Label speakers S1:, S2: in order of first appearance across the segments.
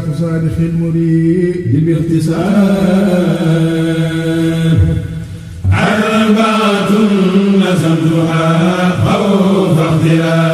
S1: صفات صالح المريد باختصار أربعة نزمتها خوف اختلاف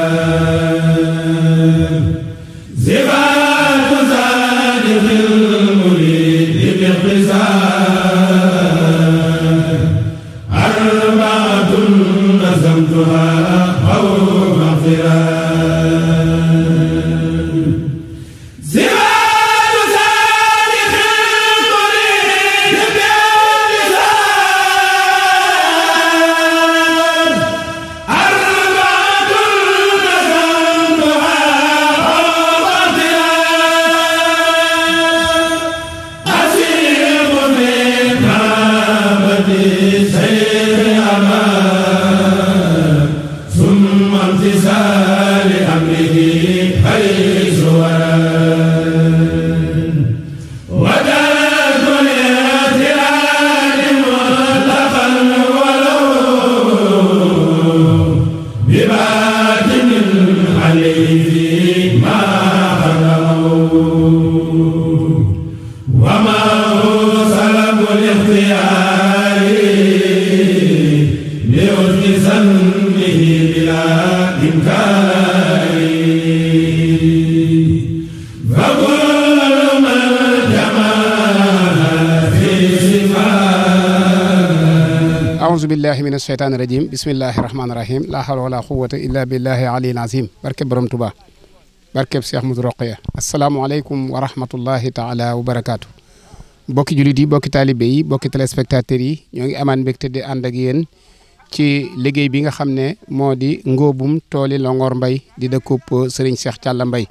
S2: mina sheytaani rajim bismillahi rahmaani rahim laa hawla wala quwata illa billahi aliyil azim barke borom tuba barkeb Cheikh Modou Rokhaya asalaamualeykum wa rahmatullahi taala wa barakaatu bokki jullit yi bokki taalibe yi bokki téléspectateurs yi ñoo ngi amaan mbégte di ànd ak yéen ci liggéey bi nga xam ne moo di ngóobum tooli Longoor Mbay di dëkkub euh, Serigne Cheikh Thialla Mbay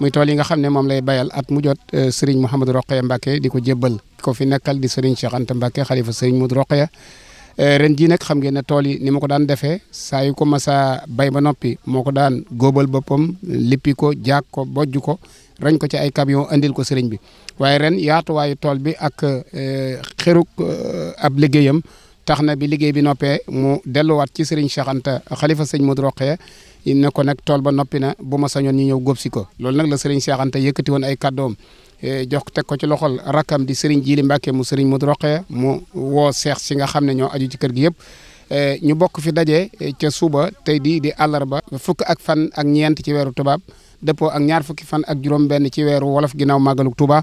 S2: muy tool yi nga xam ne moom lay bayal at mu jot euh, Serigne Mouhamadou Rokhaya Mbacke di ko jébbal ko fi nekkal di Serigne Cheikh Anta Mbacke xalifa Serigne Modou Rokhaya Eh, ren jii nag xam ngeen ne tool yi ni ma ko daan defee saa yu ko masa bay ba noppi moo ko daan góobal boppam lippi ko jaag ko bojj ko rañ ko ci ay camion andil ko seriñ bi waaye ren yaatuwaayu tool bi ak eh, xeruk eh, ab liggéeyam tax na bi liggéey bi noppee mu delluwaat ci sëriñ Cheikh Anta xalifa sëñ Modou yi ne ko nag tool ba noppi na bu ma sañoon ñu ñëw góob si ko loolu nag la sëriñ Cheikh Anta yëkkati woon ay kaddoom Eh, jox teg ko ci loxol rakkam di Serigne Jili mbakke mu Serigne Modou Rokhaya mu woo seex si nga xam ne ñoo aju ci kër gi yëpp. Eh, ñu bokk fi daje eh, ca suba tey di di àllarba fukk ak fan ak ñeent ci weeru tubaab dëppoo ak ñaar fukki fan ak juróom-benn ci weeru wolof ginnaaw màggalu Touba.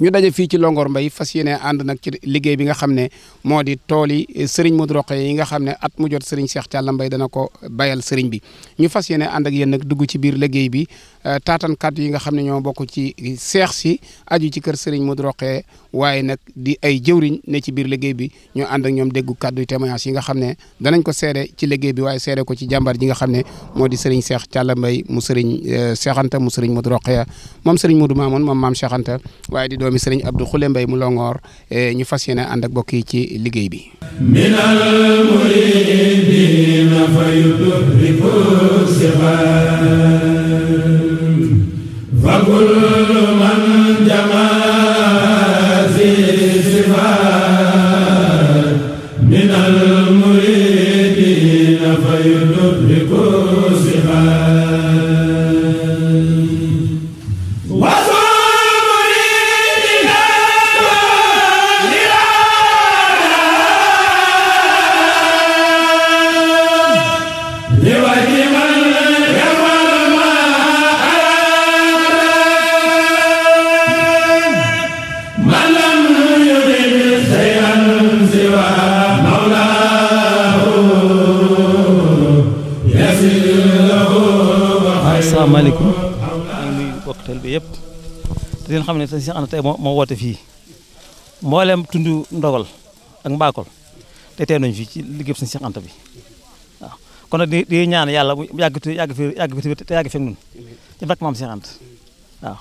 S2: ñu daje fii ci Longoor Mbay fas yéene ànd nag ci liggéey bi nga xam ne moo di tool yi Serigne Modou Rokhaya yi nga xam ne at mu jot Serigne Cheikh Thialla Mbay dana ko bayal Serigne bi ñu fas yéene ànd ak yéen nag dugg ci biir liggéey bi Euh, taatankat yi nga xam ne ñoo bokk ci seex si aju ci kër Serigne Modou Rokhaya waaye nag di ay jëwriñ ne ci biir liggéey bi ñoo ànd ak ñoom déggu kàddu témoignage yi nga xam ne danañ ko seere ci liggéey bi waaye seede ko ci jàmbaar ji nga xam ne moo di Serigne Cheikh Thialla Mbaye mu Serigne euh, Cheikh Anta mu Serigne Modou Rokhaya moom Serigne Modou Mamoun moom maam Cheikh waaye di doomi Serigne Abdou Khoule Mbaye mu Longoor euh, ñu fas yéene ànd ak bokk yi ci liggéey bi.
S1: فيدرك Rabbul
S3: sëñ Cheikh mo tey moo moo woote fii mboolem tund ndogal ak mbaakol te tey fii ci liggé sëñ Cheikh Anta bi waaw kon nag di di ñaan yàlla mu yàgg te yàgg fi yàgg fi te yàgg fekk ñun ci fekk maam Cheikh Anta waaw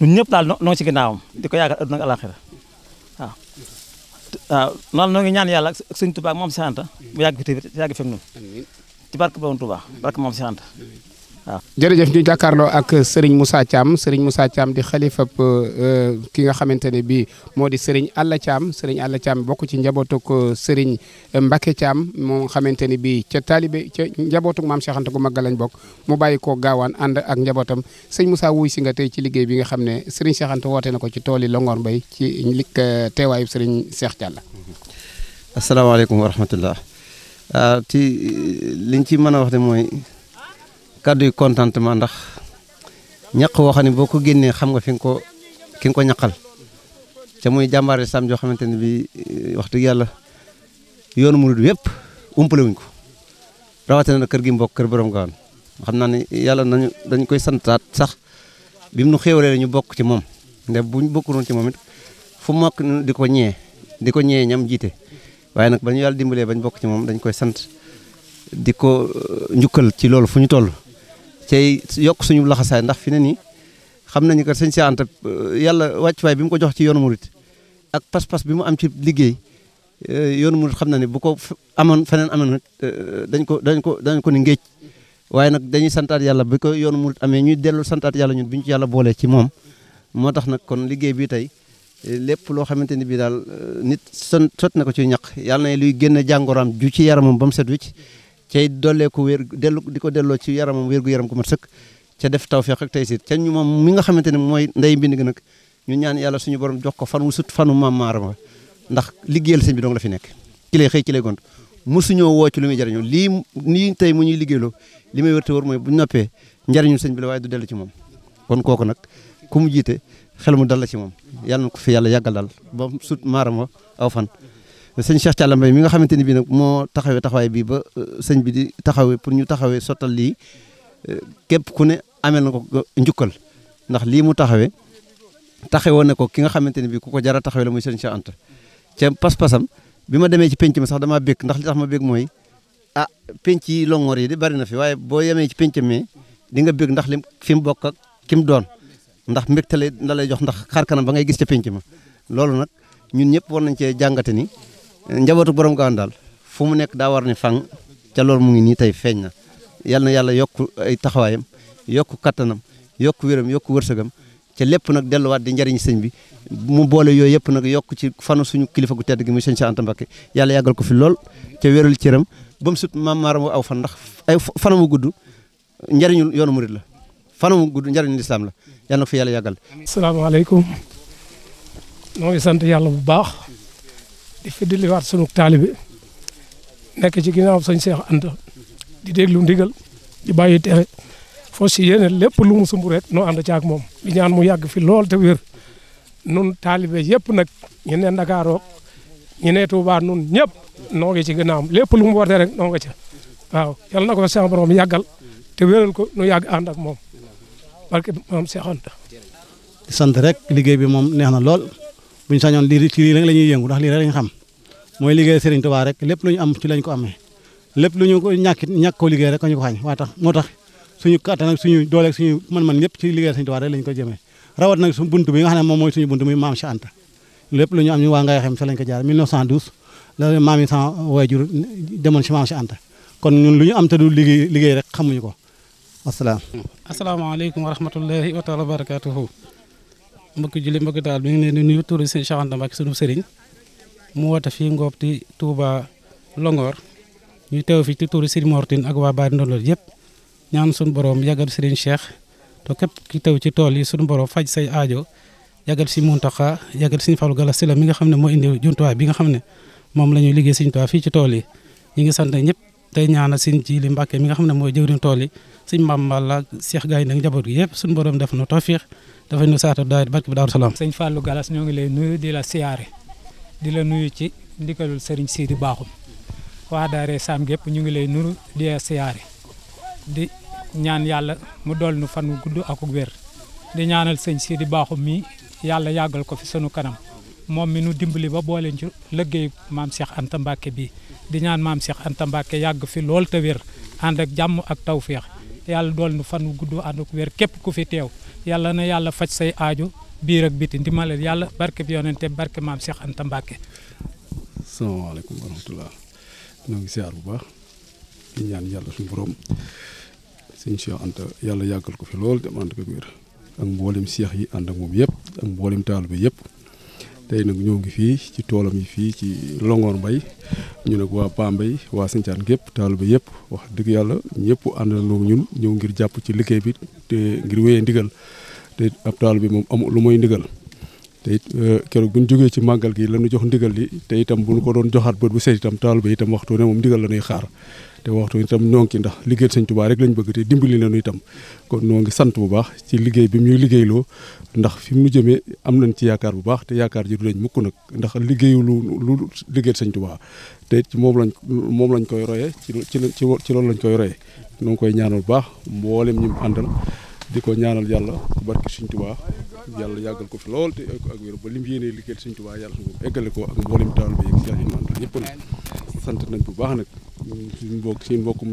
S3: ñun ñëpp daal noo ci ginnaawam di ko yaakaar adduna ak alaxira waaw waaw noonu noo ngi ñaan yàlla ak sëñ Touba ak maam mu yàgg fi te yàgg fekk ñun ci barke Borom Touba barke maam Cheikh Anta waaw.
S2: jërëjëf ñu jàkkaarloo ak Serigne Moussa Thiam Serigne Moussa Thiam di xalifab euh, ki nga xamante ne bii moo di Serigne Alla Thiam Serigne Alla Thiam bokk ci njabootug Serigne Mbacke Thiam moo xamante ne bii ca taalibe ca njabootug maam Cheikh Anta gu mag lañ bokk mu bàyyi koo gaawaan ànd ak njabootam sëñ musa wuy si nga tey ci liggéey bi nga xam ne Serigne Cheikh Anta na ko ci tool yi Longoor bay ci lik euh, teewaayu Serigne Cheikh Thialla.
S3: asalaamaaleykum wa rahmatullah ah, euh, ci mën a wax mooy. kàddu yu contentement ndax ñaq woo xam ne boo ko génnee xam nga fi nga ko ki nga ko ñaqal te muy jàmbaar sam joo xamante ne bi eh, waxtu yàlla yoonu murid yëpp umpale wuñ ko rawatina na kër gi mbokk kër borom gaawaan xam naa ne yàlla nañu dañ koy santaat sax bi mu nu xéewalee ñu bokk ci moom ndax buñ bokkuloon ci moom it fu mokk di ko ñee di ko ñee ñam jiite waaye nag ba ñu yàlla dimbalee bañ bokk ci moom dañ koy sant di ko eh, njukkal ci loolu fu ñu toll cay yokk suñu laxasaay ndax fi ne nii xam nañu ko sañ si Anta euh, yàlla wàccuwaay bi mu ko jox ci yoonu murit ak pas-pas bi mu am ci liggéey euh, yoonu murit xam na ne bu ko amoon feneen amoon euh, dañ ko dañ ko dañ ko ni waaye nag dañuy santaat yàlla bi ko yoonu murit amee ñuy dellu santaat yàlla ñun bi ñu ci yàlla boolee ci moom moo tax nag kon liggéey bi tey lépp loo xamante ni bii daal nit son sot na ko ci ñaq yàlla na luy génn jàngooraam ju ci yaramam ba mu set wicc cay dollee ko wér dellu di ko delloo ci yaramam wér gu yaram ko mat sëkk ca def tawfeex ak taysiir ca ñu moom mi nga xamante ne mooy ndey mbind gi nag ñu ñaan yàlla suñu borom jox ko fan wu sut fanu maam maarama ndax liggéeyal sëñ bi dong la fi nekk ci lay xëy ci lay gont mosuñoo woo ci lu muy jariñoo lii nii tey mu ñuy liggéeyloo li may wër te wër mooy bu noppee njariñu sëñ bi la waaye du dellu ci moom kon kooku nag ku mu jiite xel mu dal la ci moom yàlla na ko fi yàlla yàggal daal sëñ Cheikh Thialla Mbaye mi nga xamante ni bii nag moo taxawee taxawaay bii ba euh, sëñ bi di taxawee pour ñu taxawee sottal lii euh, képp ku ne amel na ko njukkal ndax lii mu taxawee taxawoon na ko ki nga xamante ne bii ku ko jara taxawee la muy sëñ Cheikh Anta ca pas-pasam bi ma demee ci penc mi sax damaa békk ndax li ma békk mooy ah penc yi longoor yi di bari na fi waaye boo yemee ci penc mi di nga békk ndax lim fi mu bokk ak ki mu doon ndax mbégte la lay jox ndax xar kanam ba ngay gis ca penc ma loolu nag ñun ñëpp war nañ cee jàngate ni njabootu borom Gawane daal fu mu nekk daa war ne fang ca loolu mu ngi nii tey feeñ na yal yàlla yokk ay taxawaayam yokk kattanam yokk wéram yokk wërsëgam ca lépp nag delluwaat di njariñ sëñ bi mu boole yooyu yëpp nag yokk ci fanu suñu kilifa gu tedd gi muy sëñ Cheikh Anta Mbacké yàlla yàggal ko fi lool ca wéral cëram ba mu sut maam aw fan ndax ay mu gudd njariñul yoonu murid la fanamu gudd njariñul lislaam la yàlla ko fi yàlla yàggal.
S2: asalaamaaleykum ñoo ngi sant yàlla bu baax. di fëddaliwaat sunu taalibe nekk ci ginnaaw sëñ Seex Anta di déglu ndigal di bàyyi tere foo si yéene lépp lu mu sumb rek noo ànd caag moom di ñaan mu yàgg fi lool te wér nun taalibe yëpp nag ñu ne Ndakaaroog ñu ne Tuubaa nun ñëpp noo ngi ci ginnaawam lépp lu mu woote rek noo nga ca waaw yal na ko sax borom yàggal te wéral ko nu yàgg ànd ak moom barke maam Seex Anta
S3: di sant rek liggéey bi moom neex na lool buñ sañoon lii ci lii rek la ñuy yëngu ndax lii rek lañ xam mooy liggéey Serigne Touba rek lépp lu ñu am ci lañ ko amee lépp lu ñu ko ko ñu ci liggéey Serigne Touba rek lañ ko jëmee rawat nag suñu bunt bi maam Cheikh Anta lépp lu ñu am ñu waa ngay xam sa lañ ko jaar 1912 la waajur demoon si maam Cheikh Anta kon lu ñu am te du liggéey rek xamuñu ko asalaam
S2: asalaamaaleykum wa rahmatullahi wa taala wa mbokki julli mbokki daal bi ngi leen di nuyu turu sëñ Cheikh Anta Mbacké sunu sëriñ mu woote fii Ngop di Touba Longor ñu teew fi ci turu sëriñ Mortin ak waa Baari Ndondol yëpp ñaan sunu borom yàggal sëriñ Cheikh te képp ki teew ci tool yi sunu borom faj say aajo yàggal si Muntaxa yàggal si Fallou Galass la mi nga xam ne moo indiw jumtuwaay bi nga xam ne moom la ñuy liggéey sëriñ Tuubaa fii ci tool ñu ngi sant ñëpp tey ñaanal sëriñ Jili Mbàkke mi nga xam ne mooy jëwriñ tool yi sëriñ Mbambal ak Cheikh Gaye nag njaboot gi yëpp sunu borom def na tawfiix dafay nu saata daayit barke bi daaru salaam sëñ Fallou Galas ñoo ngi lay nuyu di la siyaare di la nuyu ci ndigalul sëriñ Sidi Baaxum waa daare saam gépp ñu ngi lay nuru di la siyaare di ñaan yàlla mu dool nu fan wu gudd ak wér di ñaanal sëñ siidi Baaxum mii yàlla yàggal ko fi sunu kanam moom mi nu dimbali ba boole ci liggéey maam Cheikh Anta Mbacke bii di ñaan maam Cheikh Anta yàgg fi lool te wér ànd ak jàmm ak taw tawféex yàlla dool nu fan wu gudd ànd ak wér képp ku fi teew yàlla na yàlla faj say aajo biir ak biti ndimbale yàlla barke bi yonente barke maam Cheikh Anta Mbacke.
S4: salaamaaleykum wa rahmatulah ngi siyaar bu baax di ñaan yàlla suñu borom sëñ Cheikh Anta yàlla yàggal ko fi lool dem ànd ko wér ak mboolem seex yi ànd ak moom yëpp ak mboolem taalibe yépp tey nag ñoo ngi fii ci toolam yi fii ci longoor Mbaye ñu nag waa Bambey waa Sinthiane gépp bi yëpp wax dëgg yàlla ñëpp ànd na ñun ñëw ngir jàpp ci liggéey bi te ngir wéyee ndigal te ab bi moom amul lu mooy ndigal te it euh, keroog bu ñu jógee ci màggal gi la ñu jox ndigal li te itam bu ñu ko doon joxaat bët bu seet itam taal bi itam waxtu ne moom ndigal la ñuy xaar te waxtu itam ñoo ngi ci ndax liggéey sëñ Tuubaa bëgg te dimbali nañu itam kon ñoo ngi sant bu baax ci liggéey bi ñuy liggéeyloo ndax fi mu jëmee am nañ ci yaakaar bu baax te yaakaar ji du lañ mukk nag ndax liggéeyu lu lu liggéey sëñ Tuubaa te ci moom lañ moom lañ koy royee ci ci loolu lañ koy royee ñoo ngi koy ñaanal bu baax mboolem ñi mu àndal di ko ñaanal yàlla barki sëñ Tuubaa yàlla yàggal ko fi lool te ko ak wér ba lim yéenee liggéeyal Sëñ Tuubaa yàlla suñu eggale ko bu baax nag suñu mbokk seen mbokkum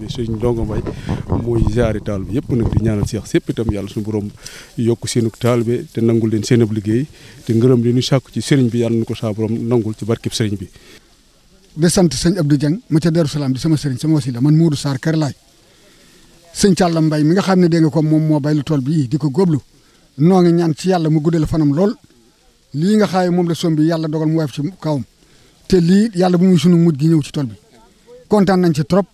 S4: bi sëñ Ndongo Mbay mooy jaari taal bi yëpp nag di ñaanal Cheikh sépp itam yàlla suñu borom yokk seenu taal bi te nangul leen seen ab liggéey te ngërëm li ñu sàkku ci sëriñ bi yàlla nu ko saa borom nangul ci barkib sëriñ bi di sant sëñ du
S2: Dieng ma ca Daaru Salaam di sama sëriñ sama wasila man Modou Sarr kër laay sëñ Càlla Mbay mi nga xam ne dégg nga ko moom moo bay lu tool bi di ko góoblu noo ngi ñaan ci yàlla mu guddal fanam lool lii nga xaaye moom la sombi yàlla dogal mu woyof ci kawam te lii yàlla bu muy sunu mujj gi ñëw si tool bi kontaan nañ ci trop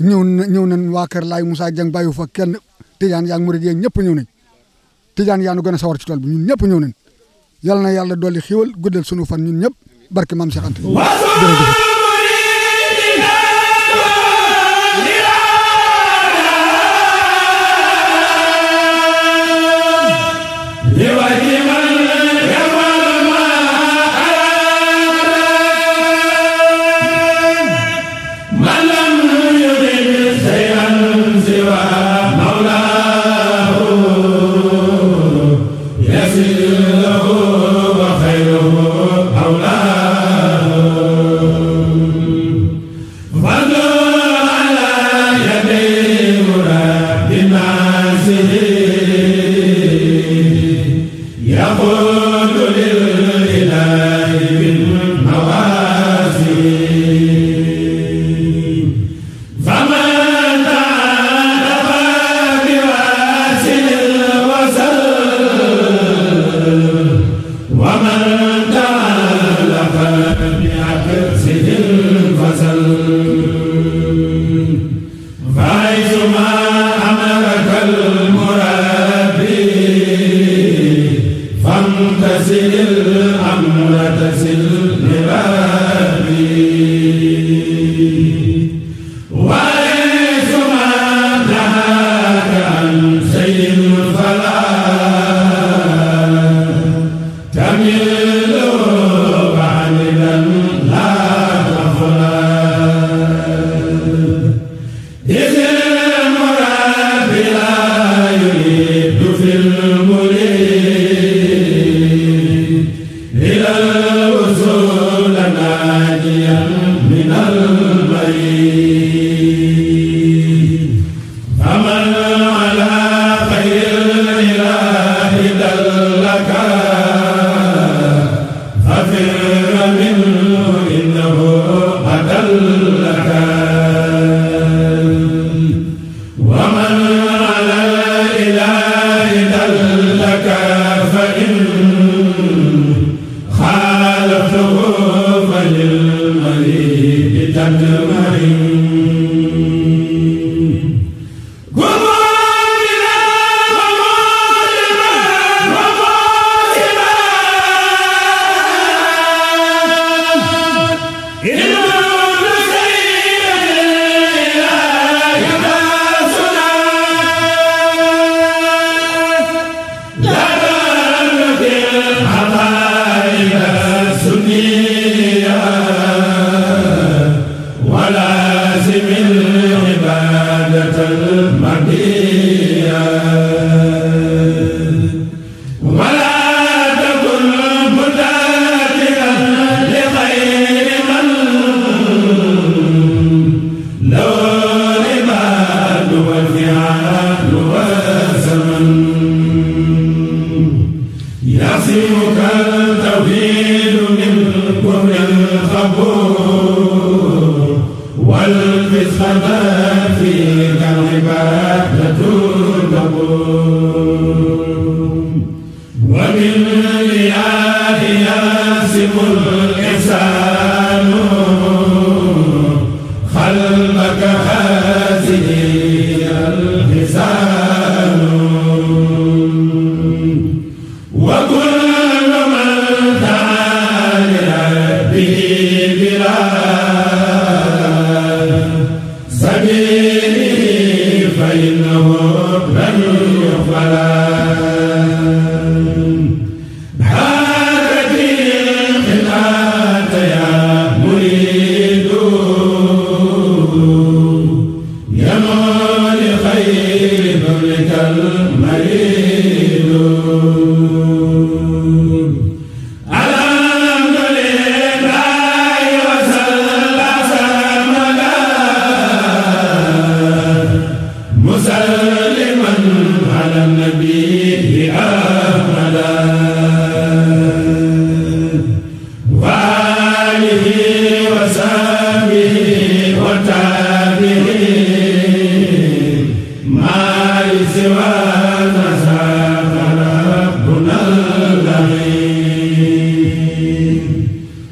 S2: ñëw na ñëw nañ waa kër Laay Moussa Dieng bàyyi fa kenn Tijaan yaa ngi murid yéen ñëpp ñëw nañ Tijaan yaa nu gën a sawar ci tool bi ñun ñëpp ñëw nañ yàlla na yàlla dolli xiwal guddal sunu fan ñun ñëpp barke maam Cheikh Anta
S1: تغفل المريض تدمعين الملك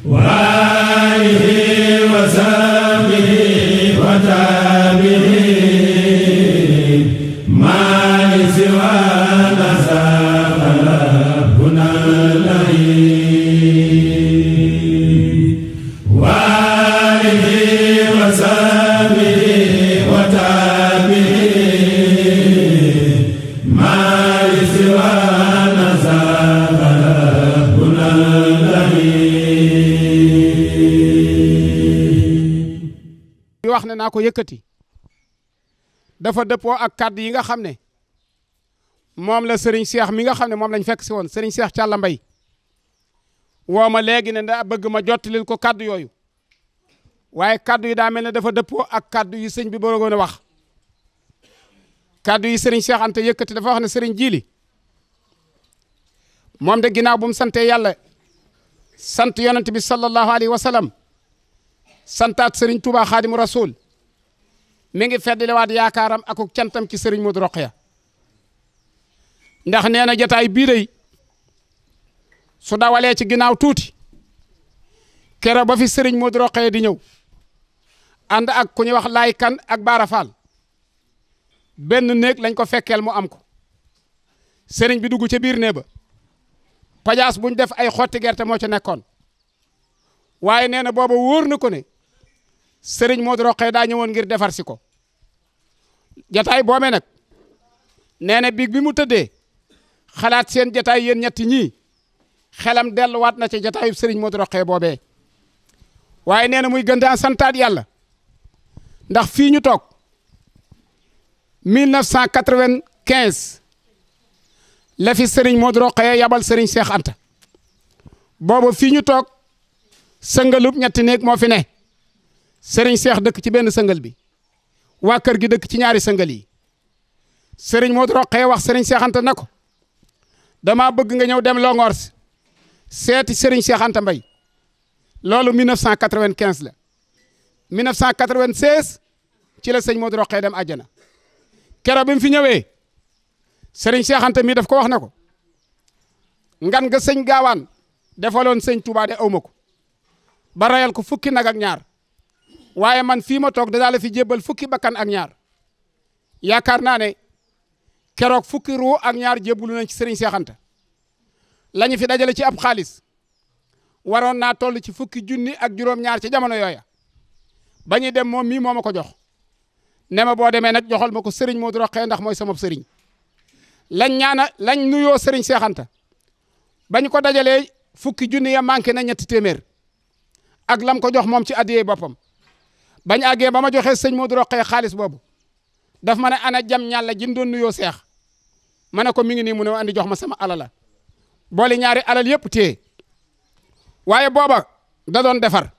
S1: wa
S2: naa ko yëkkati dafa dëppoo ak kàddu yi nga xam ne moom la Serigne Cheikh mi nga xam ne moom lañ fekk si woon seex Cheikh Thialla Mbaye woo ma léegi ne da bëgg ma jottalil ko kàddu yooyu waaye kàddu yi daa mel ne dafa dëppoo ak kàddu yi sëñ bi bëggoon wax kàddu yi Serigne Cheikh Anta yëkkati dafa wax ne sëriñ jiili moom de ginaaw bu santee yàlla sant yonent bi sallallahu alayhi wa santaat sëriñ Touba Xaadimu Rasul mi ngi feddliwaat yaakaaram akuk cantam ci sëriñ Modou Rokhaya ndax nee na jataay bii day su dawalee ci ginnaaw tuuti kero ba fi sëriñ Modou Rokhaya di ñëw ànd ak ku ñuy wax laay kan ak Baara Faal benn néeg lañ ko fekkeel mu am ko sëriñ bi dugg ca biir nee ba pajaas buñ def ay xotti gerte moo ca nekkoon waaye nee na booba wóor na ko ne sëriñ Modou Rokhaya daa ñëwoon ngir defar si ko jataay boobee nag nee na biig bi mu tëddee xalaat seen jataay yéen ñetti ñii xelam delluwaat na ci jataayu sëriñ Modou Rokhaya boobee waaye nee na muy gën daan santaat yàlla ndax fii ñu toog 1995 la fi sëriñ Modou Rokhaya yabal sëriñ Cheikh Anta boobu fii ñu toog sëngalub ñetti néeg moo fi ne. sëriñ seex dëkk ci benn sëngal bi waa kër gi dëkk ci ñaari sëngal yi sëriñ Modou Rokhaya wax sëriñ Seex Anta na ko damaa bëgg nga ñëw dem Longhor seeti sëriñ Seex Mbay loolu 1995 la 1996 ci la sëñ Modou Rokhaya dem àjjana keroog bi fi ñëwee sëriñ Seex Anta mii daf ko wax ne ko ngan ga sëñ gaawaan defaloon sëñ Touba de aw ma ko ba ko fukki nag ak ñaar. waaye man fii ma toog danaa fi jébbal fukki bakkan ak ñaar yaakaar naa ne keroog fukki ruu ak ñaar jébbalu nañ ci sëriñ Seex Anta fi dajale ci ab xaalis waroon naa toll ci fukki junni ak juróom-ñaar ci jamono yooya ba ñuy dem moom mii moo ma ko jox ne ma boo demee nag joxal ma ko sëriñ Modou Rokhaya ndax mooy sama sëriñ lañ ñaana lañ nuyoo sëriñ Seex Anta ba ko dajale fukki junni ya manqué na ñetti téeméer ak lam ko jox moom ci addiyee boppam bañ àggee ba ma joxe sëñ Modou Roqee xaalis boobu daf ma ne ana jam ñàlla jin doon nuyoo seex ma ne ko mi ngi nii mu ne ma andi jox ma sama alala boole ñaari alal yëpp téye waaye booba da doon defar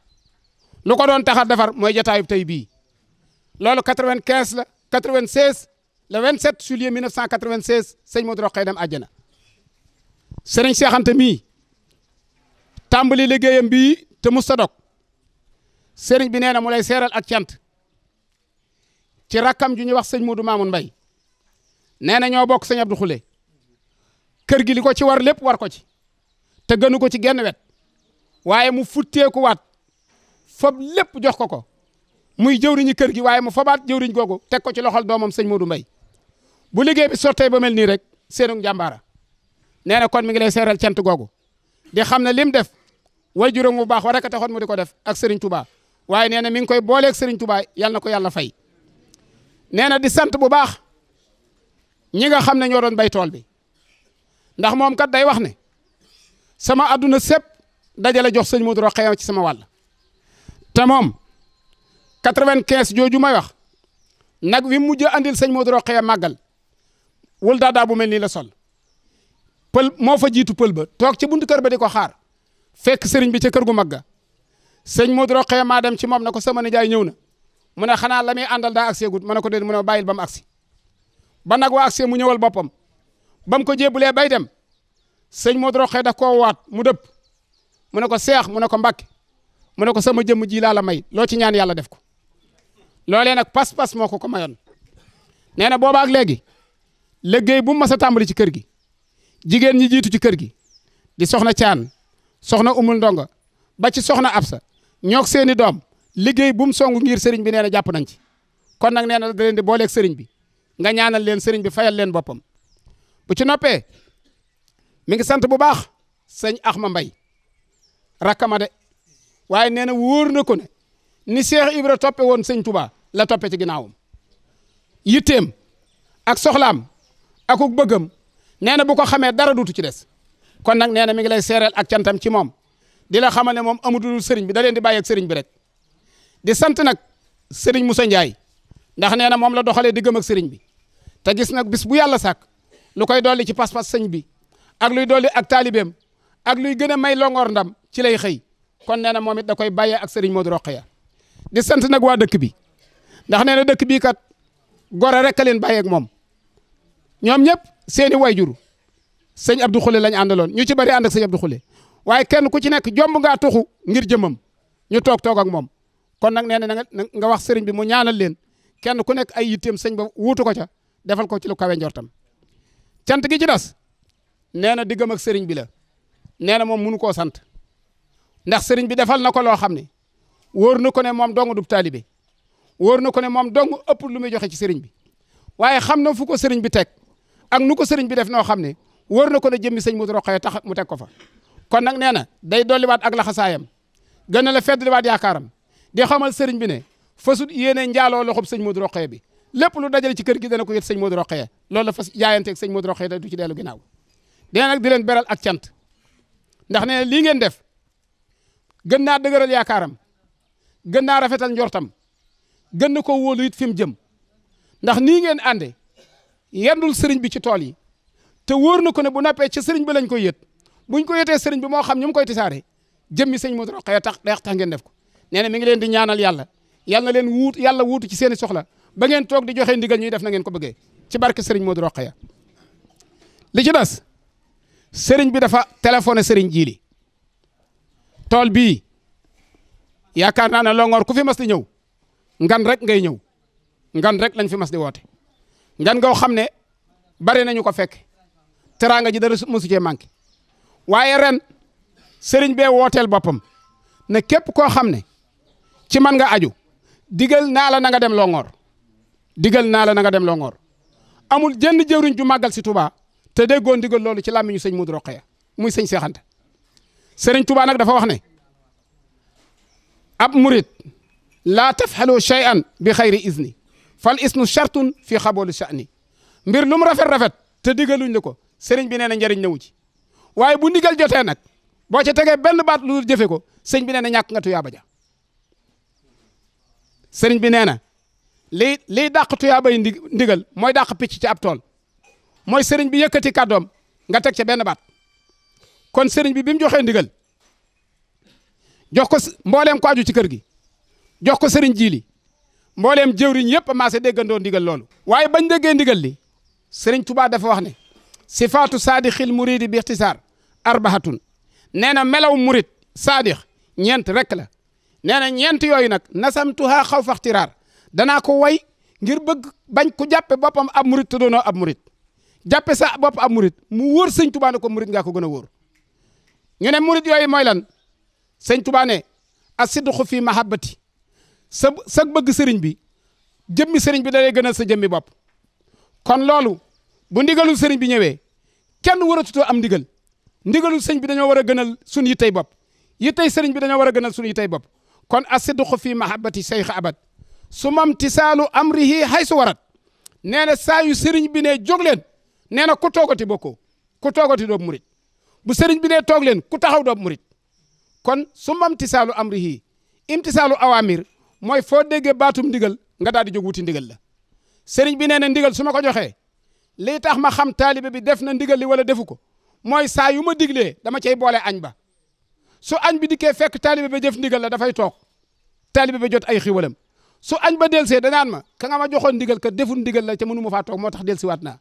S2: lu ko doon taxar defar mooy jataayub tey bii loolu 95 la 96 le 27 juillet 1996 sëñ Modou Roqee dem àjjana sëriñ Seexante mii tàmbali liggéeyam bii te musta dog sëriñ bi nee na mu lay seeral ak cant ci rakkam ju ñuy wax sëñ Modou Mamoun Mbaye nee na ñoo bokk sëñ Abdou Khoule kër gi li ko ci war lépp war ko ci te gënu ko ci genn wet waaye mu futteeku waat fob lépp jox ko ko muy jëwriñu kër gi waaye mu fobaat jëwriñ googu teg ko ci loxol doomam sëñ du Mbaye bu liggéey bi sottee ba mel nii rek seenu jàmbaara nee na kon mi ngi lay seeral cant googu di xam ne lim def way juróom bu baax wa rek a taxoon mu di ko def ak Serigne Touba waaye nee na mi ngi koy booleeg Serigne Touba yàlla na ko yàlla fay nee na di sant bu baax ñi nga xam ne ñoo doon bay tool bi ndax moom kat day wax ne sama adduna sépp dajale jox sëñ Modou Rokhaya ci sama wàll te moom 95 jooju may wax nag wi mujj andil sëñ Modou Rokhaya màggal wul daadaa bu mel nii la sol pël moo fa jiitu pël ba toog ci buntu kër ba di ko xaar fekk sëriñ bi ca kër gu magga sëñ Modou Rokhaya maa dem ci moom na ko sama ne jaay ñëw na mun a xanaa la muy àndal daa agsi gut ma ne ko déet mu a ma bàyyil ba mu agsi nag waa agsi mu ñëwal boppam ba mu ko jébbulee bay dem sëñ moo Rokhaya daf koo waat mu dëpp mu ne ko seex mu ne ko mbàkke mu ne ko sama jëmm ji laa la may loo ci ñaan yàlla def ko loolee nag pas-pas moo ko ko mayoon nee na booba ak léegi liggéey bu mu mas a tàmbali ci kër gi jigéen ñi jiitu ci kër gi di soxna caan soxna umul ndonga ba ci soxna absa ñoog seeni doom liggéey bu mu song ngir sëriñ bi nee na jàpp nañ ci kon nag na da leen di booleeg sëriñ bi nga ñaanal leen sëriñ bi fayal leen boppam bu ci noppee mi ngi sant bu baax sëñ Axma Mbay rakkama de waaye nee na wóor na ko ni Cheikh Ibra toppe woon sëñ Touba la toppe ci ginnaawam yitteem ak soxlaam akuk bëggam nee na bu ko xamee dara duutu ci des kon nag nee na mi ngi lay seereel ak cantam ci moom di la xamal ne moom amatul seriñ bi da leen di bàyyi ak bi rek di sant nag sëriñ Moussa Ndiaye ndax nee na moom la doxalee diggam ak sëriñ bi te gis nag bis bu yàlla sàkk lu koy dolli ci pas-pas sëñ bi ak luy dolli ak taalibeem ak luy gën a may longoor ndam ci lay xëy kon nee na moom it da koy bàyyee ak sëriñ roq ya di sant nag waa dëkk bi ndax nee na dëkk bii kat gore rek a leen bàyyee ak moom ñoom ñëpp seeni wayjur sëñ Abdou Khoule lañ àndaloon ñu ci bari ànd ak sëñ waaye kenn ku ci nekk jomb ngaa tuxu ngir jëmam ñu toog toog ak moom kon nag nee na nga wax sëriñ bi mu ñaanal leen kenn ku nekk ay yitteem sëñ ba wuutu ko ca defal ko ci lu kawe njortam cant gi ci das nee na diggam ak sëriñ bi la nee na moom mënu koo sant ndax sëriñ bi defal na ko loo xam ne wóor na ko ne moom dong du taalibe wóor na ko ne moom dong ëpp lu muy joxe ci sëriñ bi waaye xam na fu ko bi teg ak nu ko sëriñ bi def noo xam ne wóor na ko ne jëmmi sëñ mu roqee tax mu teg ko fa kon nag nee na day dolliwaat ak laxasaayam gën a la feddliwaat yaakaaram di xamal sëriñ bi ne fasut yéene njaaloo loxob sëñ Modou Rokhaya bi lépp lu dajale ci kër gi dana ko yët sëñ Modou Rokhaya loolu la fas jaayanteeg sëñ Modou Rokhaya te du ci dellu ginnaaw nee nag leen beral ak cant ndax nee na lii ngeen def gën naa dëgëral yaakaaram gën naa rafetal njortam gën na ko wóolu it fi mu jëm ndax nii ngeen ànde yendul sëriñ bi ci tool yi te wóor na ko ne bu nappee ci sëriñ bi lañ koy yët bu buñ ko yotee sëriñ bi moo xam ñu mu koy tisaare jëmmi sëñ Modou Rokhaya tax deex tax ngeen def ko nee na mi ngi leen di ñaanal yàlla yàlla leen wuut yàlla wuutu ci seeni soxla ba ngeen toog di joxe ndigal ñuy def na ngeen ko bëggee ci barke sëriñ Modou Rokhaya li ci des sëriñ bi dafa téléphoné sëriñ Jili tool bii yaakaar naa ne longoor ku fi mas di ñëw ngan rek ngay ñëw ngan rek lañ fi mas di woote ngan nga xam ne bari nañu ko fekk teraanga ji dara mosu cee manqué waaye ren sëriñ bee wooteel boppam ne képp koo xam ne ci man nga aju digal naa la na nga dem longoor digal naa la na dem longoor amul jenn jëwriñ ju màggal si Touba te déggoon digal loolu ci làmmiñu sëñ Modou Rokhaya muy sëñ Cheikh Anta sëriñ Touba nag dafa wax ne ab murit laa tafxalu shay'an bi xayri izni fal isnu shartun fi xaboolu sha'ni mbir lu mu rafet rafet te digaluñ la ko sëriñ bi nee na njëriñ newu ci waaye bu ndigal jotee nag boo ca tegee benn baat lu jëfe ko sëñ bi nee na ñàkk nga tuyaaba ja sëriñ bi nee na liy liy dàq tuyaaba ndigal mooy dàq picc ci ab tool mooy sëriñ bi yëkkati kàddoom nga teg ca benn baat kon sëriñ bi bi mu joxee ndigal jox ko mbooleem ko aju ci kër gi jox ko sëriñ jiili mbooleem jëwriñ yëpp a maase déggandoo ndigal loolu waaye bañ déggee ndigal li sëriñ Tuubaa dafa wax ne sifaatu saadixil muridi bi ixtisaar arbahatun nee na melaw murit saadix ñeent rek la nee na ñeent yooyu nag nasamtuhaa xaw faxtiraar danaa ko way ngir bëgg bañ ko jàppe boppam ab murit te doonoo ab murit jàppe sa bopp ab murit mu wóor sëñ tubaane ko murit nga ko gën a wóor ñu ne murit yooyu mooy lan sëñ Tuubaa ne asidqu fi mahabbati sa bëgg sëriñ bi jëmmi sëriñ bi da lay gënal sa jëmmi bopp kon loolu bu ndigalul sëriñ bi ñëwee kenn waratutoo am ndigal ndigalu sëñ bi dañoo war a gënal sun yi tey bopp yi tey sëriñ bi dañoo war a gënal sun yi tey bopp kon asidqu fi mahabbati cheikh abad su mam tisaalu amrihi hay su warat nee na saa yu sëriñ bi ne jóg leen nee na ku toogati bokkoo ku toogati doob murit bu sëriñ bi ne toog leen ku taxaw doob murit kon su mam tisaalu amrihi imtisaalu awamir mooy foo déggee baatum ndigal nga daal di jóg wuti ndigal la sëriñ bi nee na ndigal su ma ko joxee lii tax ma xam taalibe bi def na ndigal li wala defu ko mooy saa yu ma diglee dama cey boole añ ba su añ bi dikkee fekk taalibe ba jëf ndigal la dafay toog taalibe ba jot ay xiwalam su añ ba delsee danaan ma ka nga ma joxoon ndigal ka deful ndigal la ca mënu ma faa toog moo tax delsi waat naa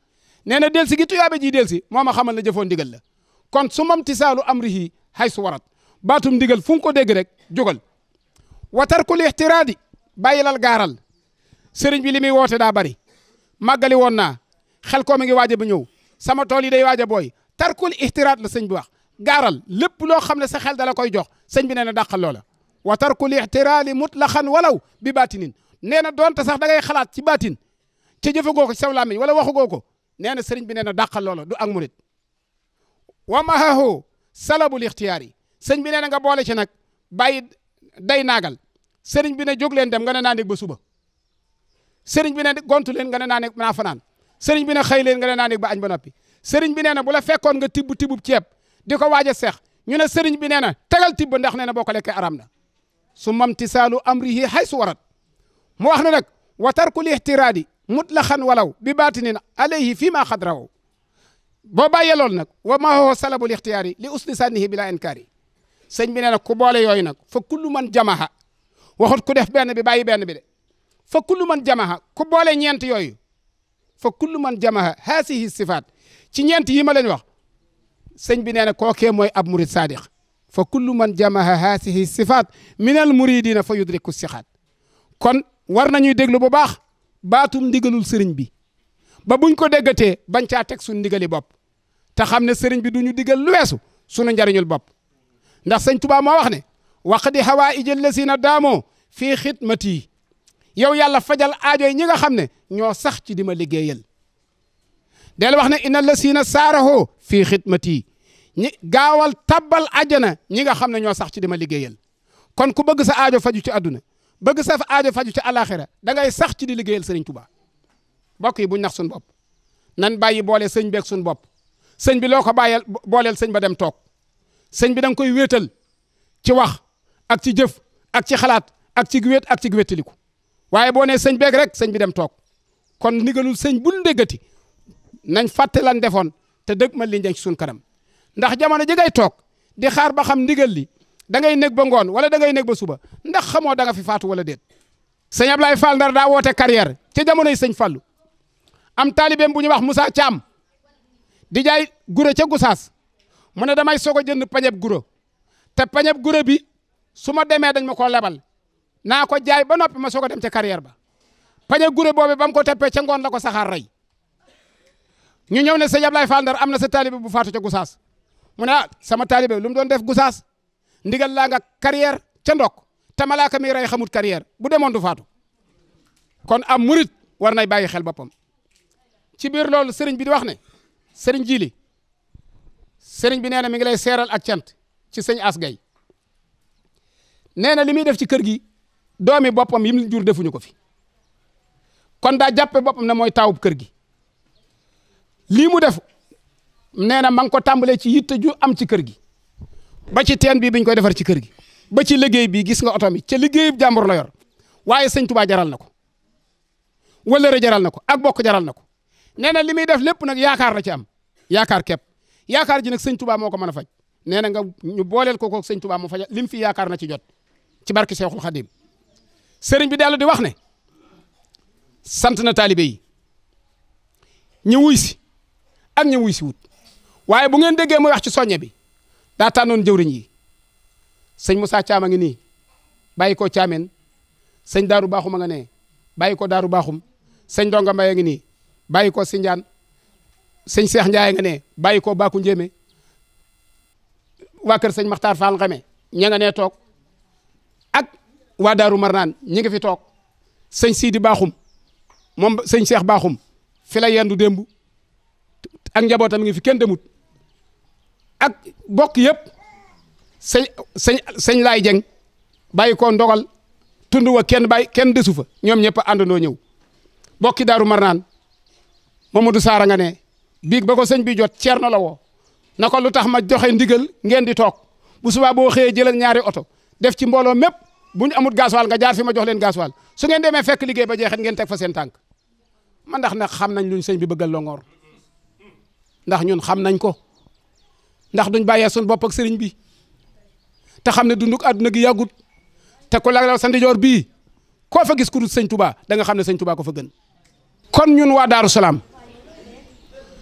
S2: nee na delsi gi tuyaabe ji delsi moo ma xamal na jëfoon ndigal la kon su mam tisaalu amrihi hay su warat baatum ndigal fu nga ko dégg rek jógal wa tarkul ixtiraadi bàyyilal gaaral sëriñ bi li muy woote daa bari màggali woon naa xel koo mi ngi waaj ba ñëw sama tool yi day waaj a booy tarkul ixtiraat la sëñ bi wax gaaral lépp loo xam ne sa xel dala koy jox sëñ bi nee na dàqal loola wa tarkul ixtiraali mutlaqan walaw bi baatinin nee na doonte sax da xalaat ci baatin ca jëfagoo ko ci saw làmmiñ wala waxugoo ko nee na sëriñ bi nee na dàqal loola du ak murit wa mahaho salabul ixtiyaar yi sëñ bi nee nga boole ci nag bàyyi day naagal sëriñ bi ne jóg leen dem nga ne naa ba suba sëriñ bi ne gontu leen nga ne naa nekk naa fanaan sëriñ bi ne xëy leen nga ne naa nekk ba añ ba noppi sëriñ bi nee na bu la fekkoon nga tibb tibbub ceeb di ko waaj a ñu ne sëriñ bi nee na tegal tibb ndax nee na boo ko lekkee aram na su mam tisaalu amrihi haysu warat mu wax ne nag wa tarkul ixtiraadi mutlaxan walaw bi na alayhi fi ma xadrawo boo bàyyee loolu nag wa ma huwa salabul ixtiyaari li usli sannihi bila inkaari sëñ bi nee na ku boole yooyu nag fa kullu man jamaha waxut ku def benn bi bàyyi benn bi de fa kullu man jamaha ku boole ñeent yooyu fa kullu man jamaha haasihi ci ñeent yi ma leen wax sëñ bi nee na kookee mooy ab murid sadiq fa kullu man jamaha haasihi sifaat min al muridina fa yudriku sixaat kon war ñuy déglu bu baax baatum ndigalul sëriñ bi ba buñ ko déggatee bañ caa teg suñu ndigali bopp te xam ne sëriñ bi du ñu digal lu weesu sunu njariñul bopp ndax sëñ Tuubaa moo wax ne waqdi hawaa'ija llazina daamoo fii xidmati yow yàlla fajal aajo yi ñi nga xam ne ñoo sax ci di ma liggéeyal del wax ne inna la siina saarahoo fii xidmati ñi gaawal tabbal ajana ñi nga xam ne ñoo sax ci dima liggéeyal kon ku bëgg sa aajo faju ci àdduna bëgg sa aajo faju ci alaxira dangay ngay sax ci di liggéeyal sëriñ Tuubaa mbokk yi buñ nax suñ bopp nan bàyyi boole sëñ beeg suñ bopp sëñ bi loo ko bàyyeel booleel sëñ ba dem toog sëñ bi da koy wéetal ci wax ak ci jëf ak ci xalaat ak ci wéet ak ci wéetaliku waaye boo ne sëñ beeg rek sëñ bi dem toog kon ndigalul sëñ bul ndéggati nañ fàtte lan defoon te dëgg ma li njëng suñ kanam ndax jamono ji ngay toog di xaar ba xam ndigal li da ngay nekk ba ngoon wala da ngay nekk ba suba ndax xamoo danga nga fi faatu wala déet. sëñ Ablaye Fall Ndar daa woote carrière ce jamonoy sëñ Fallu am taalibeem bu ñuy wax Moussa Thiam di jaay guro ce Gusaas mu ne damay soog a jënd pañeb guro te pañeb guro bi su ma demee dañ ma koo lebal naa ko jaay ba noppi ma soog a dem ca carrière ba pañeb guro boobu ba mu ko teppee ca ngoon la ko saxaar rey ñu ñëw ne sëñ Ablaye Fall Ndar am na sa taalibe bu faatu ca Gusaas mu ne ah sama taalibe lu mu doon def Gusaas ndigal laa nga carrière ca ndok te malaaka mi rey xamut carrière bu demoon du faatu kon am murit war nay bàyyi xel boppam ci biir loolu sëriñ bi di wax ne sëriñ Jili sëriñ bi nee na mi ngi lay seeral ak cant ci sëñ Asgay nee na li muy def ci kër gi doomi boppam yim jur defuñu ko fi kon daa jàppe boppam ne mooy taawub kër gi lii mu def nee na ma ko tàmbalee ci yitte ju am ci kër gi ba ci teen bii bi ñu koy defar ci kër gi ba ci liggéey bi gis nga oto mi ca liggéeyub jàmbur la yor waaye sëñ Tuubaa jaral na ko wëllëre jaral na ko ak bokk jaral na ko nee na li muy def lépp nag yaakaar la ci am yaakaar kepp yaakaar ji nag sëñ Tuubaa moo ko mën a faj nee na nga ñu boolel ko koog sëñ Tuubaa mu faj lim fi yaakaar na ci jot ci barke Seexul Xadim sëriñ bi dellu di wax ne sant na taalibe yi ñu ak ñi wuy si waaye bu ngeen déggee muy wax ci soññe bi daa tànnoon yi sëñ Moussa Thiam a ngi nii bàyyi ko Thiamène sëñ Daaru Baaxum a nga ne bàyyi ko Daaru Baaxum sëñ Donga Mbaye a ngi nii bàyyi ko Sinjaan sëñ Seex Ndiaye ne bàyyi ko Baku Njéeme waa kër sëñ Makhtar Fall Ngame ña nga ne toog ak waa Daaru Marnaan ñi ngi fi toog sëñ Sidi Baaxum moom sëñ Seex Baaxum fi yendu démb ak njabootam ngi fi kenn demut ak bokk yëpp sëñ sëñ sëñ laay jeng bàyyi ko ndogal tund wa kenn bàyyi kenn desu fa ñoom ñëpp àndandoo ñëw bokki daaru marnaan Mamadou Saara nga ne biig ba ko sëñ bi jot ceerno la woo na ko lu tax ma joxe ndigal ngeen di toog bu subaa boo xëyee jëlal ñaari oto def ci mbooloo mépp bu ñu amut gasoil nga jaar fi ma jox leen gasoil su ngeen demee fekk liggéey ba jeexit ngeen teg fa seen tànk ma ndax nag xam nañ luñ sëñ bi bëggal longoor ndax ñun xam nañ ko ndax duñ bàyyee suñu bopp ak sëriñ bi te xam ne dunduk àdduna gi yàggut te ku lagal sa ndijoor bii koo fa gis ku dul sëñ Touba da nga xam ne sëñ tubaa ko fa gën. kon ñun waa Darou Salaam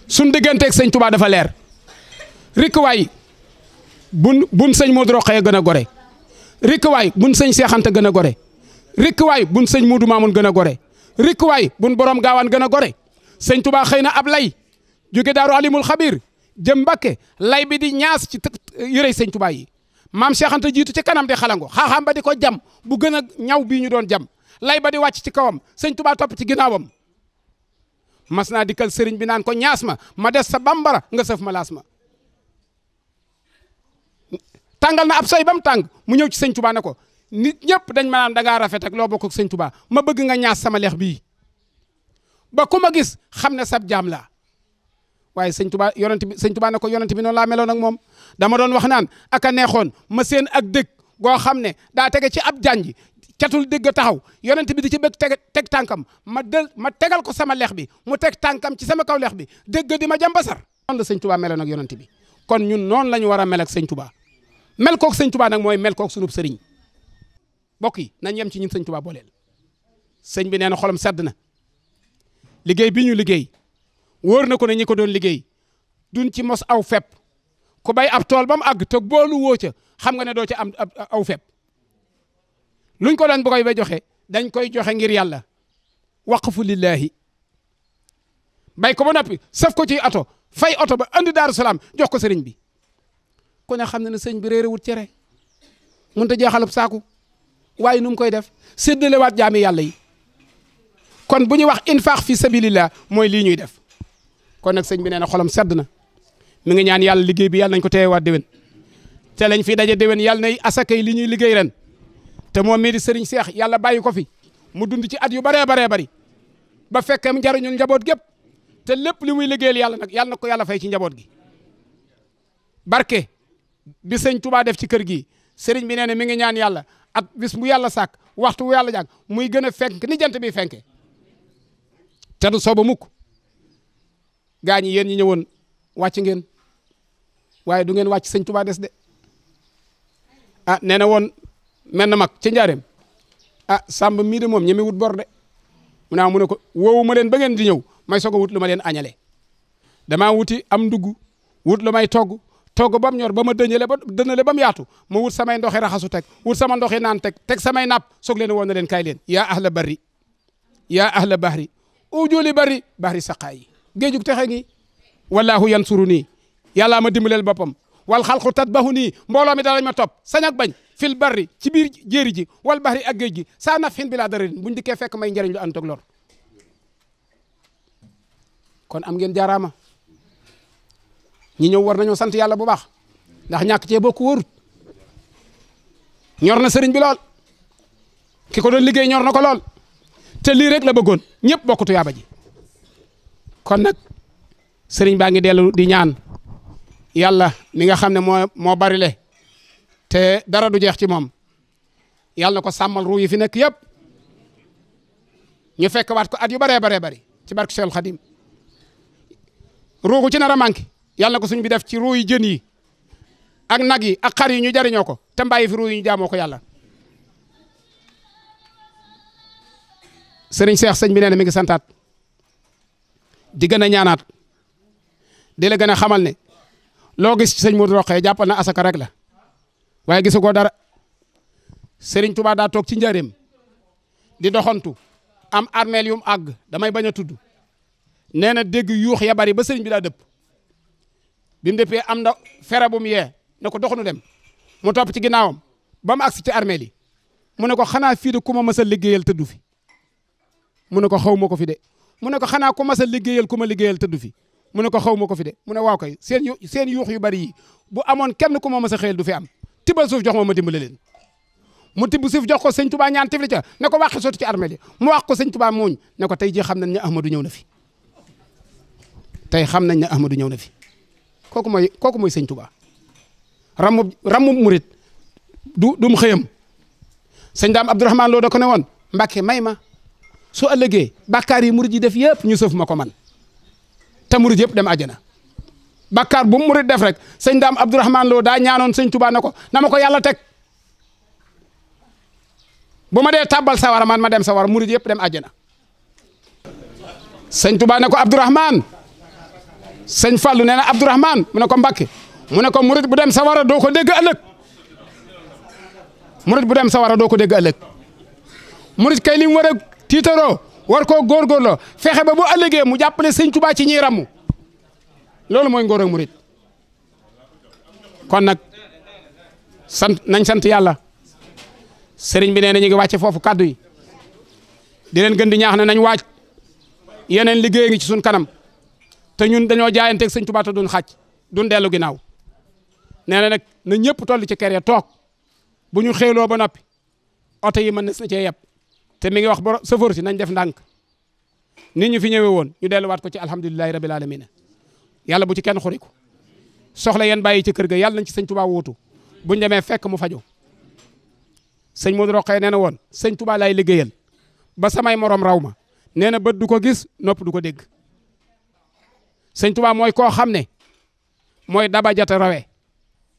S2: suñ digganteeg sëñ tubaa dafa leer rikk waay bun bun sëñ Modou Rokhaya gën a gore rikk waay bun sëñ Cheikh gën a gore rikk waay bun sëñ Modou Mamoun gën a gore rikk waay bun borom gaawaan gën a gore sëñ tubaa xëy na ab lay jóge daaru alimul xabir jëm Mbakke lay bi di ñaas ci yërey sëñ Tuubaa yi maam Cheikh jiitu ci kanam di xalango xaaxaam ba di ko jam bu gën a ñaw bii ñu doon jam lay ba di wàcc ci kawam sëñ Tuubaa topp ci ginnaawam mas naa dikkal sëriñ bi naan ko ñaas ma ma des sa bambara nga sëf ma laas ma tàngal na ab say ba mu tàng mu ñëw ci sëñ Tuubaa ne ko nit ñëpp dañ ma naan da ngaa rafet ak loo bokk ak sëñ Tuubaa ma bëgg nga ñaas sama leex bii ba ku ma gis xam ne sab jaam waaye sëñ tubaa yonent bi sëñ ko yonent bi noonu laa meloon moom dama doon wax naan ak a neexoon ma seen ak dëkk goo xam ne daa tege ci ab janj catul dégg taxaw yonent bi di ci bëgg teg teg tànkam ma ma tegal ko sama lex bi mu teg tànkam ci sama kaw lex bi dégg di ma jambasar noonu la sëñ tubaa meloon ak yonent bi kon ñun noonu la ñu war a mel ak sëñ mel kook sëñ tubaa nag mooy mel kook sunub sëriñ bokk yi nañ yem ci ñun sëñ tubaa booleel sëñ bi nee na xolam sedd na liggéey bi ñu liggéey wóor na ko ne ñi ko doon liggéey duñ ci mos aw fep ku bay ab tool ba mu àgg te boolu woo ca xam nga ne doo ci am aw fepp luñ ko doon bu koy ba joxe dañ koy joxe ngir yàlla waqfu lillahi bay ko ba noppi sëf ko ci oto fay oto ba andi daaru jox ko sëriñ bi ku ne xam na ne sëriñ bi réere wut cere mënut a jeexalub saaku waaye nu mu koy def séddalewaat jaami yàlla yi kon bu ñuy wax infaq fi sabilillah mooy lii ñuy def kon nag sëñ bi nee na xolam sedd na mi ngi ñaan yàlla liggéey bi yàlla nañ ko teewaat déwén te lañ fi daje déwén yàlla nay asakay li ñuy liggéey ren te moom mii di sëriñ Seex yàlla bàyyi ko fi mu dund ci at yu baree baree bari ba fekkee mu njaboot gépp te lépp li muy liggéeyal yàlla nag yàlla ko yàlla fay ci njaboot gi barke bi sëñ tubaa def ci kër gi sëriñ bi nee na mi ngi ñaan yàlla at bis bu yàlla sàkk waxtu bu yàlla jàng muy gën a fenk ni jant bi fenke te du sooba mukk gaa ñi yéen ñi ñëwoon wàcc ngeen waaye du ngeen wàcc sëñ Tuubaa des de a ah, nee na woon mel na mag ci njaareem ah Samba mii de moom ñeme wut bor de mu naa ah, mu ne ko woowu ma leen ngeen di ñëw may soog wut lu ma leen añale damaa wuti am ndugg wut lu may togg togg ba mu ñor ba ma dëñale ba dënale ba mu yaatu ma wut samay ndoxi raxasu teg wut sama ndoxi naan teg teg samay napp soog leene woon na leen kaay leen yaa ahla bari yaa ahla bahri ujuuli bari bahri saqaayi géejug texe gi wallaahu suru ni yàllaa ma dimbaleel boppam wal xalqu tatbahu nii mbooloo mi danañ ma topp sañ bañ fil bari ci biir jéeri ji wal bari ak géej gi saa naf xin bilaa dararin buñ dikkee fekk may njëriñ lu ànd ak lor kon am ngeen jaaraama ñi ñëw war nañoo sant yàlla bu baax ndax ñàkk cee bokk wóorut ñor na sëriñ bi lool ki ko doon liggéey ñor na ko lool te lii rek la bëggoon ñëpp bokk tuyaaba ji kon nag sëriñ baa ngi dellu di ñaan yàlla mi nga xam ne moo moo bari le te dara du jeex ci moom yàlla na ko sàmmal ruu fi nekk yëpp ñu fekk waat ko at yu baree baree bari ci bark Seexul Xadim ruu ci nar a manqué yàlla na ko suñ bi def ci ruu yi jën yi ak nag yi ak xar yi ñu jariñoo ko te mbàyyi fi ruu yi ñu jaamoo ko yàlla sëriñ Seex sëñ bi nee na mi ngi santaat di gën a ñaanaat di la gën a xamal ne loo gis ci sëñ Modou Rokhaya jàppal na asaka rek la waaye gisu ko dara sëriñ Touba daa toog ci njaareem di doxantu am armeel yum àgg damay bañ a tudd nee na dégg yuux ya bari ba sëriñ bi daa dëpp bi mu am na fere bu mu yee ne ko doxunu dem mu topp ci ginnaawam ba mu agsi ci armeel yi mu ne ko xanaa fii de ku ma mës a liggéeyal tëddu fi mu ne ko xawma ko fi de mu ne ko xanaa ku mas a liggéeyal ku ma liggéeyal tëdd fi mu ne ko xaw ma ko fi de mu ne waaw kay seen yu seen yuux yu bari yi bu amoon kenn ku ma mas a xëyal du fi am tibal suuf jox ma ma dimbale leen mu tibb suuf jox ko sëñ tubaa ñaan tifli ca ne ko wàqi sotti ci armée mu wax ko sëñ tubaa mooñ ne ko tey ji xam nañ ne ahmadou ñëw na fi tey xam nañ ne ahmadou ñëw na fi kooku mooy kooku mooy sëñ tubaa ramub ramub murit du dum xëyam sëñ daam abdourahman loo da ko ne woon mbàkke may ma su ëllëgee bàkkaar yi murid yi def yëpp ñu sëf ma ko man te murid yëpp dem na bàkkaar bu mu murid def rek sëñ daam Abdourahman loo daa ñaanoon sëñ Tuubaa ko na ma ko yàlla teg bu ma dee tàbbal sawara man ma dem sawara murid yëpp dem àjjana sëñ Tuubaa ne ko Abdourahman sëñ Fallou nee na Abdourahman mu ne ko Mbakke mu ne ko murid bu dem sawara doo ko dégg ëllëg murid bu dem sawara doo ko dégg tiitaroo war koo góorgóorloo fexe ba bu ëllëgee mu jàppale sëñ Tuubaa ci ñiy ramu loolu mooy ngóor mu murit kon nag sant nañ sant yàlla sëriñ bi nee na ñu ngi wàcce foofu kàddu yi di leen gën di ñaax ne nañ waaj yeneen liggéey ngi ci suñ kanam te ñun dañoo jaayanteeg sëñ Tuubaa te duñ xaaj dun dellu ginnaaw nee na nag na ñëpp toll ci ker ya toog bu ñu xéeloo ba noppi oto yi mën na sa cee yeb te mi ngi wax boro sëfoor si nañ def ndànk nit ñu fi ñëwee woon ñu delluwaat ko ci alhamdulilahi rabil alamina yàlla bu ci kenn xuriku soxla yeen bàyyi ci kër ga yàlla nañ ci sëñ tubaa wóotu buñ demee fekk mu fajo sëñ Modou Rokhaya nee na woon sëñ tubaa laay liggéeyal ba samay moroom raw ma nee na bët du ko gis nopp du ko dégg sëñ tubaa mooy koo xam ne mooy daba jote rawe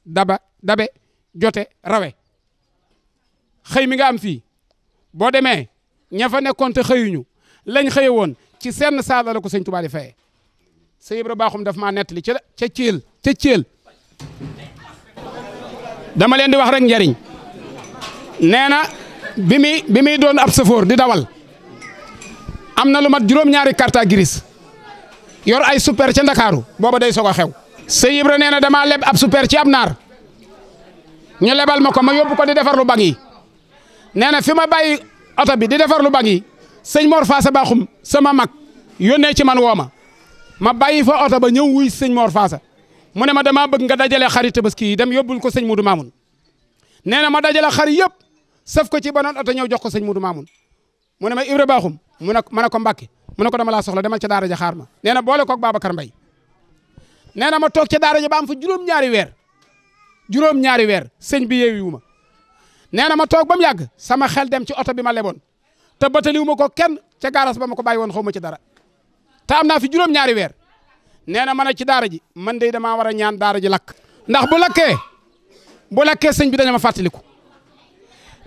S2: daba dabe jote rawe xëy mi nga am fii boo demee ña fa nekkoon te xëyuñu lañ xëy woon ci seen saala la ko sëñ Tuubaa di sa sëñ Ibra Baaxum daf maa nettali ca ca Thiel ca Thiel dama leen di wax rek njariñ nee na bi muy bi muy doon ab sëfoor di dawal am na lu mat juróom-ñaari carte grise yor ay super ca Ndakaaru booba day soog a xew sëñ Ibra nee na damaa leb ab super ci ab naar ñu lebal ma ko ma yóbbu ko di defar lu bang yi nee fi ma bàyyi ata bi di defar lu bang yi sëñ Mor Faasa Baaxum sama mag yónnee ci man woo ma ma bàyyi fa oto ba ñëw wuy sëñ moor Faasa mu ne ma damaa bëgg nga dajale xari tabaski yi dem ko sëñ Mudu Maamun nee na ma dajale xar yëpp saf ko ci banoon oto ñëw jox ko sëñ Mudu Maamun mu ne ma Ibra Baaxum mu ne ma ne ko Mbàkke mu ne ko dama laa soxla demal ca daara ja xaar ma nee na boole koog Babacar Mbay nee na ma toog ca daara ja ba fa juróom-ñaari weer juróom-ñaari weer sëñ bi ma nee na ma toog ba mu yàgg sama xel dem ci oto bi ma leboon te bataliwu ma ko kenn ca gaaraas ba ma ko bàyyi woon xaw ma ci dara te am naa fi juróom-ñaari weer nee na ma ne ci daara ji man dey damaa war a ñaan daara ji lakk. ndax bu lakkee bu lakkee sëñ bi dañu ma fàttaliku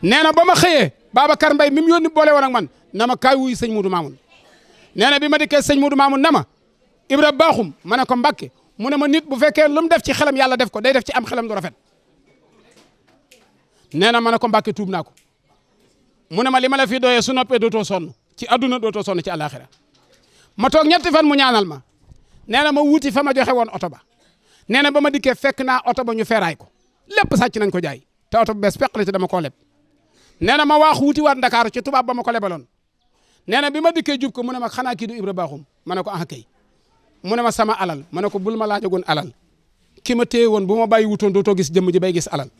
S2: nee na ba ma xëyee Babacar Mbaye mi mu yónni boole woon ak man na ma kaay wuyu sëñ Moudou Mamoun nee na bi ma dikkee sëñ Moudou Mamoun na ma Ibra baaxum ma ne ko Mbacke mu ne ma nit bu fekkee lu def ci xelam yàlla def ko day def ci am xelam du rafet. nee na ma ne ko mbakke tuub naa ko mu ne ma li ma la fi doyee su noppee dootoo sonn ci adduna dootoo sonn ci àllaaxira ma toog ñetti fan mu ñaanal ma nee na ma wuuti fa ma joxe woon oto ba nee na ba ma dikkee fekk naa oto ba ñu feeraay ko lépp sàcc nañ ko jaay te oto ba bees peq la ci dama koo leb nee na ma waax wuuti waat Ndakaaru tubaab ba ma ko lebaloon nee na bi ma dikkee jub ko mu ma xanaa kii du Ibra Baaxum ma ne ko ah kay mu ne ma sama alal ma ne ko bul ma laajagoon alal ki ma téye woon bu ma bàyyi wutoon dootoo gis jëmm ji bay gis alal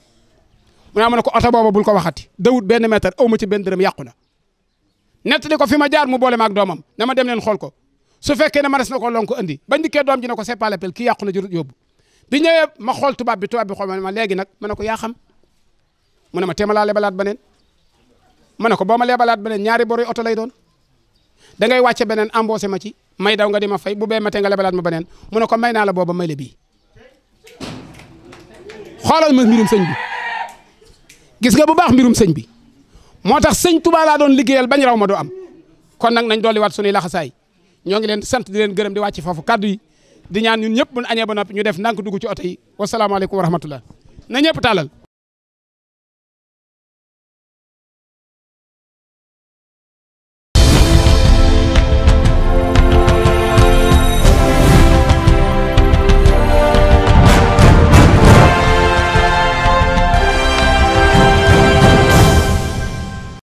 S2: mu naa ne ko oto booba bul ko waxati dawut benn mètre aw ma ci benn dërëm yàqu na ko fi ma jaar mu boole maag doomam na dem leen xool ko su fekkee ne ma res na ko lon ko andi bañ dikkee doom ji ko c'est pas l'appel kii yàqu na ma xool tubaab bi tubaab bi xool ma léegi nag ma ne ko yaa mu ne ma téema laa lebalaat beneen ma ne ko boo ma lebalaat beneen ñaari boroy oto lay doon da ngay wàcce beneen embauché ma ci may daw nga di ma fay bu bee matee nga lebalaat ma beneen mu ne ko may naa la booba may la bii xoolal ma mbirum sëñ gis nga bu baax mbirum sëñ bi moo tax sëñ Tuubaa laa doon liggéeyal bañ raw ma doo am kon nag nañ dolli waat sunuy laxasaay ñoo ngi leen sant di leen gërëm di wàcc foofu kaddu yi di ñaan ñun ñëpp buñ añee ba noppi ñu def ndànk dugg ci oto yi wasalaamaaleykum wa rahmatullah na ñëpp tàllal